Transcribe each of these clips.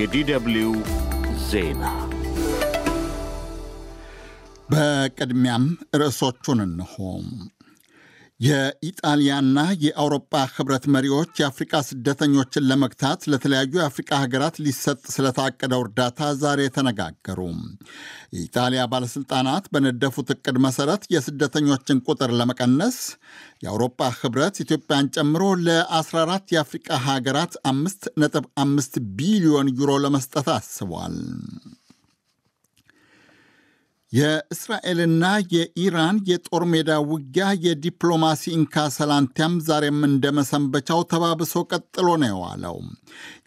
የዲደብልዩ ዜና በቅድሚያም ርዕሶቹን እንሆም የኢጣሊያና የአውሮፓ ህብረት መሪዎች የአፍሪቃ ስደተኞችን ለመግታት ለተለያዩ የአፍሪቃ ሀገራት ሊሰጥ ስለታቀደው እርዳታ ዛሬ ተነጋገሩ። የኢጣሊያ ባለሥልጣናት በነደፉት እቅድ መሠረት የስደተኞችን ቁጥር ለመቀነስ የአውሮፓ ህብረት ኢትዮጵያን ጨምሮ ለ14 የአፍሪቃ ሀገራት 5.5 ቢሊዮን ዩሮ ለመስጠት አስቧል። የእስራኤልና የኢራን የጦር ሜዳ ውጊያ የዲፕሎማሲ ኢንካሰላንቲያም ዛሬም እንደመሰንበቻው ተባብሶ ቀጥሎ ነው የዋለው።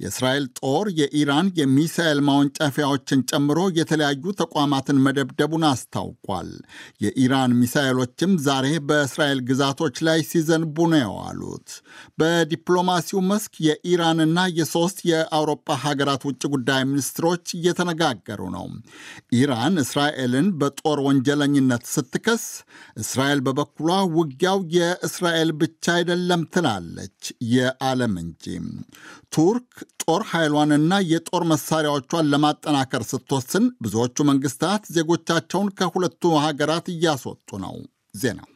የእስራኤል ጦር የኢራን የሚሳኤል ማወንጨፊያዎችን ጨምሮ የተለያዩ ተቋማትን መደብደቡን አስታውቋል። የኢራን ሚሳኤሎችም ዛሬ በእስራኤል ግዛቶች ላይ ሲዘንቡ ነው የዋሉት። በዲፕሎማሲው መስክ የኢራንና የሶስት የአውሮፓ ሀገራት ውጭ ጉዳይ ሚኒስትሮች እየተነጋገሩ ነው። ኢራን እስራኤልን በጦር ወንጀለኝነት ስትከስ እስራኤል በበኩሏ ውጊያው የእስራኤል ብቻ አይደለም ትላለች፣ የዓለም እንጂ። ቱርክ ጦር ኃይሏንና የጦር መሳሪያዎቿን ለማጠናከር ስትወስን ብዙዎቹ መንግስታት ዜጎቻቸውን ከሁለቱ ሀገራት እያስወጡ ነው። ዜናው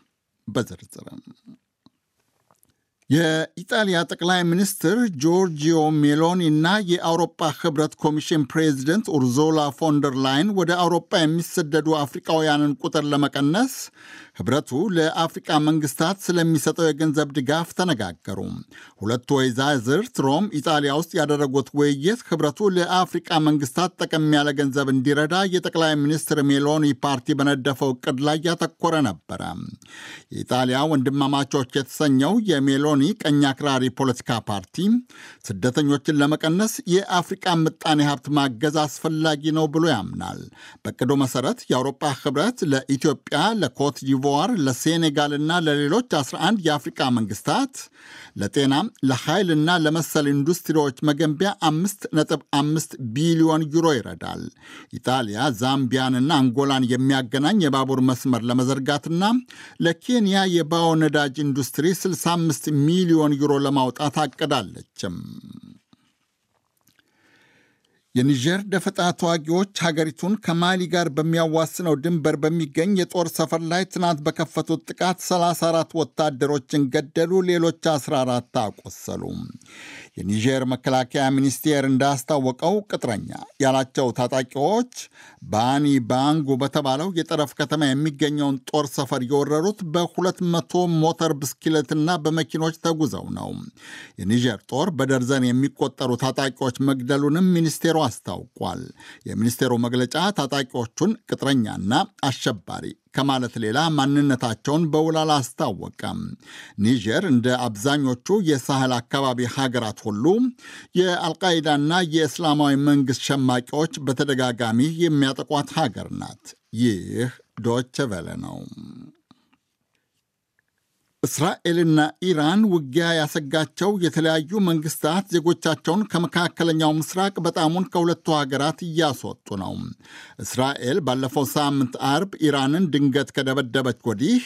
በዝርዝርም የኢጣሊያ ጠቅላይ ሚኒስትር ጆርጂዮ ሜሎኒ እና የአውሮፓ ህብረት ኮሚሽን ፕሬዚደንት ኡርዞላ ፎንደር ላይን ወደ አውሮፓ የሚሰደዱ አፍሪካውያንን ቁጥር ለመቀነስ ህብረቱ ለአፍሪቃ መንግስታት ስለሚሰጠው የገንዘብ ድጋፍ ተነጋገሩ። ሁለቱ ወይዛዝርት ሮም፣ ኢጣሊያ ውስጥ ያደረጉት ውይይት ህብረቱ ለአፍሪቃ መንግስታት ጠቀም ያለ ገንዘብ እንዲረዳ የጠቅላይ ሚኒስትር ሜሎኒ ፓርቲ በነደፈው እቅድ ላይ ያተኮረ ነበረ። የኢጣሊያ ወንድማማቾች የተሰኘው የሜሎኒ ቀኝ አክራሪ ፖለቲካ ፓርቲ ስደተኞችን ለመቀነስ የአፍሪቃ ምጣኔ ሀብት ማገዝ አስፈላጊ ነው ብሎ ያምናል። በቅዱ መሰረት የአውሮፓ ህብረት ለኢትዮጵያ ለኮት ለሴኔጋል ለሴኔጋልና ለሌሎች 11 የአፍሪቃ መንግስታት ለጤና ለኃይልና ለመሰል ኢንዱስትሪዎች መገንቢያ 5.5 ቢሊዮን ዩሮ ይረዳል። ኢጣሊያ ዛምቢያንና አንጎላን የሚያገናኝ የባቡር መስመር ለመዘርጋትና ለኬንያ የባዮ ነዳጅ ኢንዱስትሪ 65 ሚሊዮን ዩሮ ለማውጣት አቅዳለችም። የኒጀር ደፈጣ ተዋጊዎች ሀገሪቱን ከማሊ ጋር በሚያዋስነው ድንበር በሚገኝ የጦር ሰፈር ላይ ትናንት በከፈቱት ጥቃት 34 ወታደሮችን ገደሉ፣ ሌሎች 14 አቆሰሉ። የኒጀር መከላከያ ሚኒስቴር እንዳስታወቀው ቅጥረኛ ያላቸው ታጣቂዎች ባኒ ባንጉ በተባለው የጠረፍ ከተማ የሚገኘውን ጦር ሰፈር የወረሩት በሁለት 200 ሞተር ብስክሌትና በመኪኖች ተጉዘው ነው። የኒጀር ጦር በደርዘን የሚቆጠሩ ታጣቂዎች መግደሉንም ሚኒስቴሩ አስታውቋል። የሚኒስቴሩ መግለጫ ታጣቂዎቹን ቅጥረኛና አሸባሪ ከማለት ሌላ ማንነታቸውን በውል አላስታወቀም። ኒጀር እንደ አብዛኞቹ የሳህል አካባቢ ሀገራት ሁሉ የአልቃይዳና የእስላማዊ መንግሥት ሸማቂዎች በተደጋጋሚ የሚያጠቋት ሀገር ናት። ይህ ዶቸ ነው። እስራኤልና ኢራን ውጊያ ያሰጋቸው የተለያዩ መንግስታት ዜጎቻቸውን ከመካከለኛው ምስራቅ በጣሙን ከሁለቱ ሀገራት እያስወጡ ነው። እስራኤል ባለፈው ሳምንት አርብ ኢራንን ድንገት ከደበደበች ወዲህ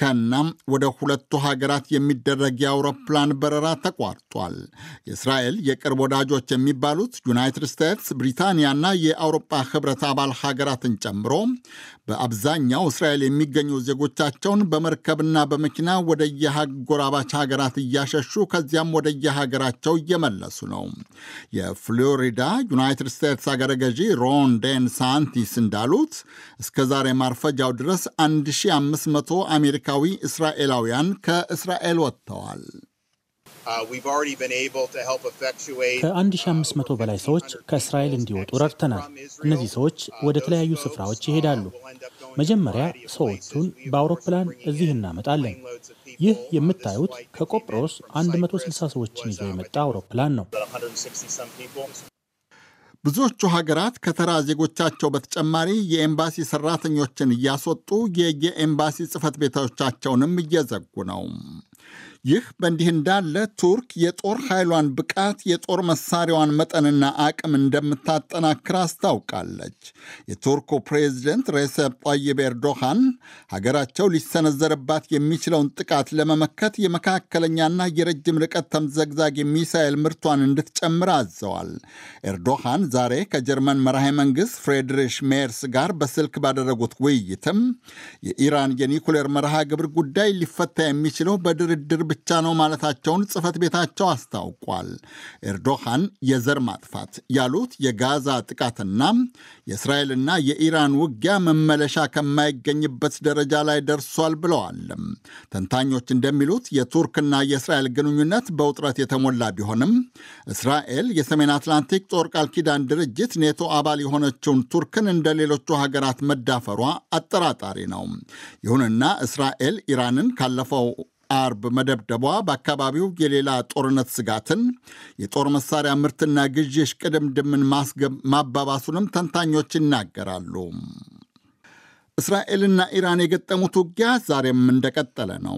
ከና ወደ ሁለቱ ሀገራት የሚደረግ የአውሮፕላን በረራ ተቋርጧል። የእስራኤል የቅርብ ወዳጆች የሚባሉት ዩናይትድ ስቴትስ፣ ብሪታንያና የአውሮፓ ህብረት አባል ሀገራትን ጨምሮ በአብዛኛው እስራኤል የሚገኙ ዜጎቻቸውን በመርከብና በመኪና ወደ የአጎራባች ሀገራት እያሸሹ ከዚያም ወደ የሀገራቸው እየመለሱ ነው። የፍሎሪዳ ዩናይትድ ስቴትስ አገረ ገዢ ሮን ዴን ሳንቲስ እንዳሉት እስከ ዛሬ ማርፈጃው ድረስ 1500 አሜሪካ አሜሪካዊ እስራኤላውያን ከእስራኤል ወጥተዋል። uh, uh, ከ1500 በላይ ሰዎች ከእስራኤል እንዲወጡ ረድተናል። እነዚህ ሰዎች uh, ወደ ተለያዩ ስፍራዎች ይሄዳሉ። መጀመሪያ ሰዎቹን በአውሮፕላን እዚህ እናመጣለን። ይህ የምታዩት ከቆጵሮስ 160 ሰዎችን ይዞ የመጣ አውሮፕላን ነው። ብዙዎቹ ሀገራት ከተራ ዜጎቻቸው በተጨማሪ የኤምባሲ ሰራተኞችን እያስወጡ የየኤምባሲ ጽህፈት ቤቶቻቸውንም እየዘጉ ነው። ይህ በእንዲህ እንዳለ ቱርክ የጦር ኃይሏን ብቃት፣ የጦር መሳሪያዋን መጠንና አቅም እንደምታጠናክር አስታውቃለች። የቱርኩ ፕሬዚደንት ሬሰፕ ጣይብ ኤርዶሃን ሀገራቸው ሊሰነዘርባት የሚችለውን ጥቃት ለመመከት የመካከለኛና የረጅም ርቀት ተምዘግዛግ የሚሳኤል ምርቷን እንድትጨምር አዘዋል። ኤርዶሃን ዛሬ ከጀርመን መራሄ መንግሥት ፍሬድሪሽ ሜርስ ጋር በስልክ ባደረጉት ውይይትም የኢራን የኒኩሌር መርሃ ግብር ጉዳይ ሊፈታ የሚችለው በድርድር ብቻ ነው ማለታቸውን ጽህፈት ቤታቸው አስታውቋል። ኤርዶሃን የዘር ማጥፋት ያሉት የጋዛ ጥቃትና የእስራኤልና የኢራን ውጊያ መመለሻ ከማይገኝበት ደረጃ ላይ ደርሷል ብለዋል። ተንታኞች እንደሚሉት የቱርክና የእስራኤል ግንኙነት በውጥረት የተሞላ ቢሆንም እስራኤል የሰሜን አትላንቲክ ጦር ቃል ኪዳን ድርጅት ኔቶ አባል የሆነችውን ቱርክን እንደ ሌሎቹ ሀገራት መዳፈሯ አጠራጣሪ ነው። ይሁንና እስራኤል ኢራንን ካለፈው አርብ መደብደቧ በአካባቢው የሌላ ጦርነት ስጋትን፣ የጦር መሳሪያ ምርትና ግዥ እሽቅድምድምን ማባባሱንም ተንታኞች ይናገራሉ። እስራኤልና ኢራን የገጠሙት ውጊያ ዛሬም እንደቀጠለ ነው።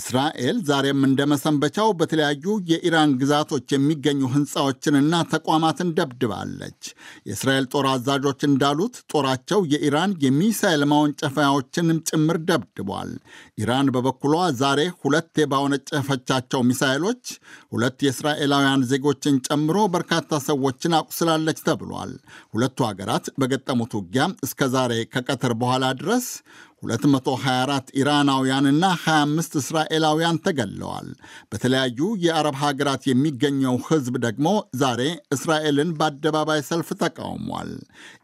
እስራኤል ዛሬም እንደመሰንበቻው በተለያዩ የኢራን ግዛቶች የሚገኙ ሕንፃዎችንና ተቋማትን ደብድባለች። የእስራኤል ጦር አዛዦች እንዳሉት ጦራቸው የኢራን የሚሳኤል ማወንጨፋያዎችንም ጭምር ደብድቧል። ኢራን በበኩሏ ዛሬ ሁለት የባወነጨፈቻቸው ሚሳኤሎች ሁለት የእስራኤላውያን ዜጎችን ጨምሮ በርካታ ሰዎችን አቁስላለች ተብሏል። ሁለቱ ሀገራት በገጠሙት ውጊያ እስከዛሬ ከቀትር በኋላ address 224 ኢራናውያንና 25 እስራኤላውያን ተገለዋል። በተለያዩ የአረብ ሀገራት የሚገኘው ሕዝብ ደግሞ ዛሬ እስራኤልን በአደባባይ ሰልፍ ተቃውሟል።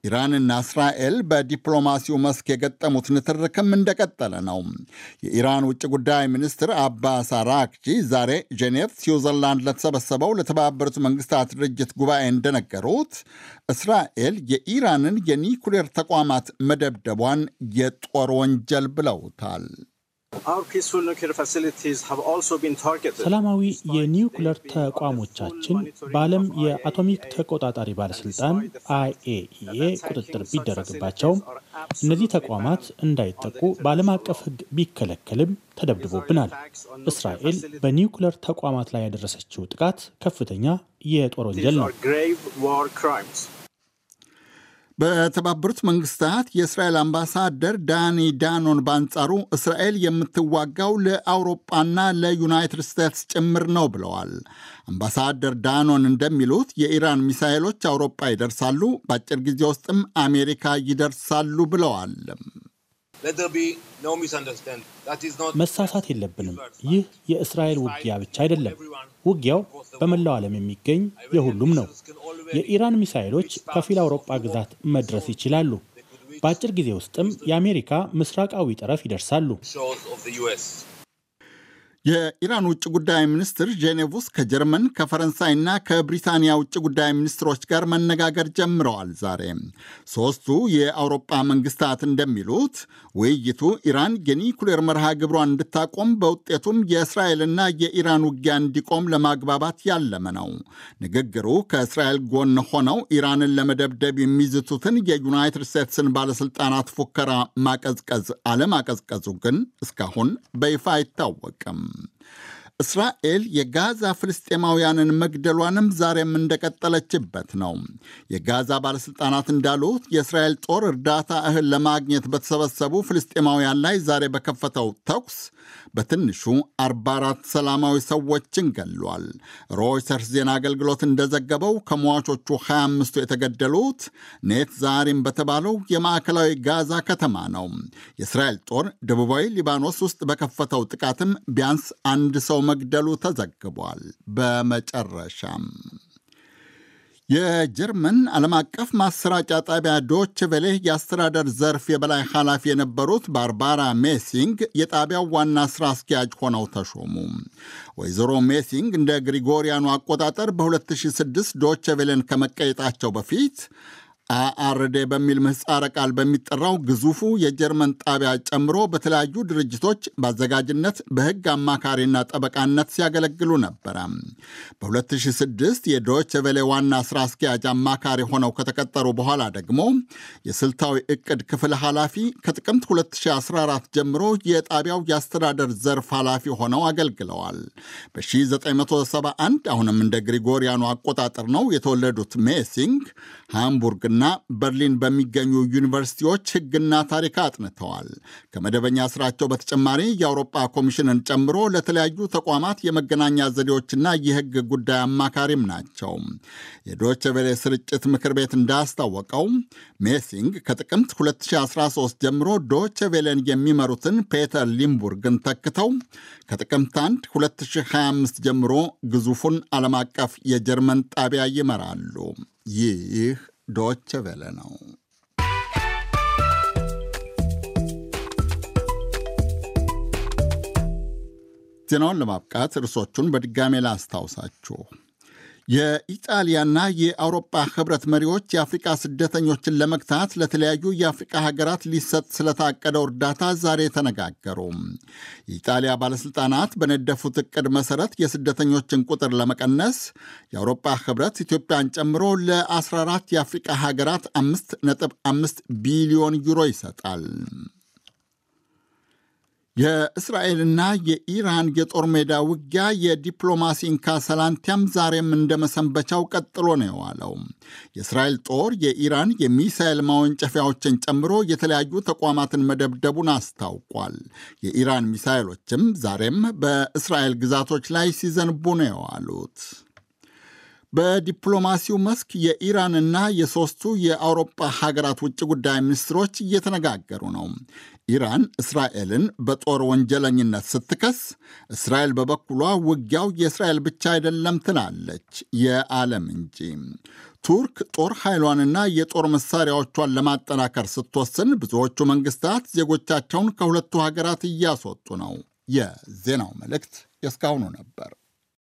ኢራንና እስራኤል በዲፕሎማሲው መስክ የገጠሙት ንትርክም እንደቀጠለ ነው። የኢራን ውጭ ጉዳይ ሚኒስትር አባስ አራክቺ ዛሬ ጄኔቭ ስዊዘርላንድ ለተሰበሰበው ለተባበሩት መንግስታት ድርጅት ጉባኤ እንደነገሩት እስራኤል የኢራንን የኒኩሌር ተቋማት መደብደቧን የጦር ወንጀል ብለውታል። ሰላማዊ የኒውክለር ተቋሞቻችን በዓለም የአቶሚክ ተቆጣጣሪ ባለስልጣን አይኤኢኤ e ቁጥጥር ቢደረግባቸውም እነዚህ ተቋማት እንዳይጠቁ በዓለም አቀፍ ሕግ ቢከለከልም ተደብድቦብናል። እስራኤል በኒውክለር ተቋማት ላይ ያደረሰችው ጥቃት ከፍተኛ የጦር ወንጀል ነው። በተባበሩት መንግስታት የእስራኤል አምባሳደር ዳኒ ዳኖን በአንጻሩ እስራኤል የምትዋጋው ለአውሮጳና ለዩናይትድ ስቴትስ ጭምር ነው ብለዋል። አምባሳደር ዳኖን እንደሚሉት የኢራን ሚሳይሎች አውሮጳ ይደርሳሉ፣ በአጭር ጊዜ ውስጥም አሜሪካ ይደርሳሉ ብለዋል። መሳሳት የለብንም። ይህ የእስራኤል ውጊያ ብቻ አይደለም። ውጊያው በመላው ዓለም የሚገኝ የሁሉም ነው። የኢራን ሚሳይሎች ከፊል አውሮፓ ግዛት መድረስ ይችላሉ። በአጭር ጊዜ ውስጥም የአሜሪካ ምስራቃዊ ጠረፍ ይደርሳሉ። የኢራን ውጭ ጉዳይ ሚኒስትር ጄኔቭ ውስጥ ከጀርመን ከፈረንሳይና ከብሪታንያ ውጭ ጉዳይ ሚኒስትሮች ጋር መነጋገር ጀምረዋል። ዛሬ ሦስቱ የአውሮጳ መንግስታት እንደሚሉት ውይይቱ ኢራን የኒኩሌር መርሃ ግብሯን እንድታቆም በውጤቱም የእስራኤልና የኢራን ውጊያ እንዲቆም ለማግባባት ያለመ ነው። ንግግሩ ከእስራኤል ጎን ሆነው ኢራንን ለመደብደብ የሚዝቱትን የዩናይትድ ስቴትስን ባለሥልጣናት ፉከራ ማቀዝቀዝ አለማቀዝቀዙ ግን እስካሁን በይፋ አይታወቅም። እስራኤል የጋዛ ፍልስጤማውያንን መግደሏንም ዛሬም እንደቀጠለችበት ነው። የጋዛ ባለሥልጣናት እንዳሉት የእስራኤል ጦር እርዳታ እህል ለማግኘት በተሰበሰቡ ፍልስጤማውያን ላይ ዛሬ በከፈተው ተኩስ በትንሹ 44 ሰላማዊ ሰዎችን ገሏል። ሮይተርስ ዜና አገልግሎት እንደዘገበው ከሟቾቹ 25ቱ የተገደሉት ኔት ዛሪም በተባለው የማዕከላዊ ጋዛ ከተማ ነው። የእስራኤል ጦር ደቡባዊ ሊባኖስ ውስጥ በከፈተው ጥቃትም ቢያንስ አንድ ሰው መግደሉ ተዘግቧል። በመጨረሻም የጀርመን ዓለም አቀፍ ማሰራጫ ጣቢያ ዶች ቬሌ የአስተዳደር ዘርፍ የበላይ ኃላፊ የነበሩት ባርባራ ሜሲንግ የጣቢያው ዋና ሥራ አስኪያጅ ሆነው ተሾሙ። ወይዘሮ ሜሲንግ እንደ ግሪጎሪያኑ አቆጣጠር በ2006 ዶች ቬሌን ከመቀየጣቸው በፊት አአርዴ በሚል ምህፃረ ቃል በሚጠራው ግዙፉ የጀርመን ጣቢያ ጨምሮ በተለያዩ ድርጅቶች በአዘጋጅነት በሕግ አማካሪና ጠበቃነት ሲያገለግሉ ነበረ። በ2006 የዶች ቬሌ ዋና ስራ አስኪያጅ አማካሪ ሆነው ከተቀጠሩ በኋላ ደግሞ የስልታዊ ዕቅድ ክፍል ኃላፊ፣ ከጥቅምት 2014 ጀምሮ የጣቢያው የአስተዳደር ዘርፍ ኃላፊ ሆነው አገልግለዋል። በ1971 አሁንም እንደ ግሪጎሪያኑ አቆጣጠር ነው የተወለዱት ሜሲንግ ሃምቡርግ ኒውዮርክና በርሊን በሚገኙ ዩኒቨርሲቲዎች ሕግና ታሪክ አጥንተዋል። ከመደበኛ ስራቸው በተጨማሪ የአውሮፓ ኮሚሽንን ጨምሮ ለተለያዩ ተቋማት የመገናኛ ዘዴዎችና የሕግ ጉዳይ አማካሪም ናቸው። የዶይቼ ስርጭት ምክር ቤት እንዳስታወቀው ሜሲንግ ከጥቅምት 2013 ጀምሮ ዶችቬሌን የሚመሩትን ፔተር ሊምቡርግን ተክተው ከጥቅምት 1 2025 ጀምሮ ግዙፉን ዓለም አቀፍ የጀርመን ጣቢያ ይመራሉ። ይህ ዶች ቬለ ነው። ዜናውን ለማብቃት እርሶቹን በድጋሜ ላስታውሳችሁ። የኢጣሊያና የአውሮፓ ህብረት መሪዎች የአፍሪቃ ስደተኞችን ለመግታት ለተለያዩ የአፍሪቃ ሀገራት ሊሰጥ ስለታቀደው እርዳታ ዛሬ ተነጋገሩ። የኢጣሊያ ባለሥልጣናት በነደፉት እቅድ መሠረት የስደተኞችን ቁጥር ለመቀነስ የአውሮፓ ህብረት ኢትዮጵያን ጨምሮ ለ14 የአፍሪቃ ሀገራት 5.5 ቢሊዮን ዩሮ ይሰጣል። የእስራኤልና የኢራን የጦር ሜዳ ውጊያ የዲፕሎማሲ እንካሰላንቲያም ዛሬም እንደመሰንበቻው ቀጥሎ ነው የዋለው። የእስራኤል ጦር የኢራን የሚሳኤል ማወንጨፊያዎችን ጨምሮ የተለያዩ ተቋማትን መደብደቡን አስታውቋል። የኢራን ሚሳኤሎችም ዛሬም በእስራኤል ግዛቶች ላይ ሲዘንቡ ነው የዋሉት። በዲፕሎማሲው መስክ የኢራንና የሶስቱ የአውሮፓ ሀገራት ውጭ ጉዳይ ሚኒስትሮች እየተነጋገሩ ነው። ኢራን እስራኤልን በጦር ወንጀለኝነት ስትከስ፣ እስራኤል በበኩሏ ውጊያው የእስራኤል ብቻ አይደለም ትላለች፣ የዓለም እንጂ። ቱርክ ጦር ኃይሏንና የጦር መሳሪያዎቿን ለማጠናከር ስትወስን፣ ብዙዎቹ መንግስታት ዜጎቻቸውን ከሁለቱ ሀገራት እያስወጡ ነው። የዜናው መልእክት የእስካሁኑ ነበር።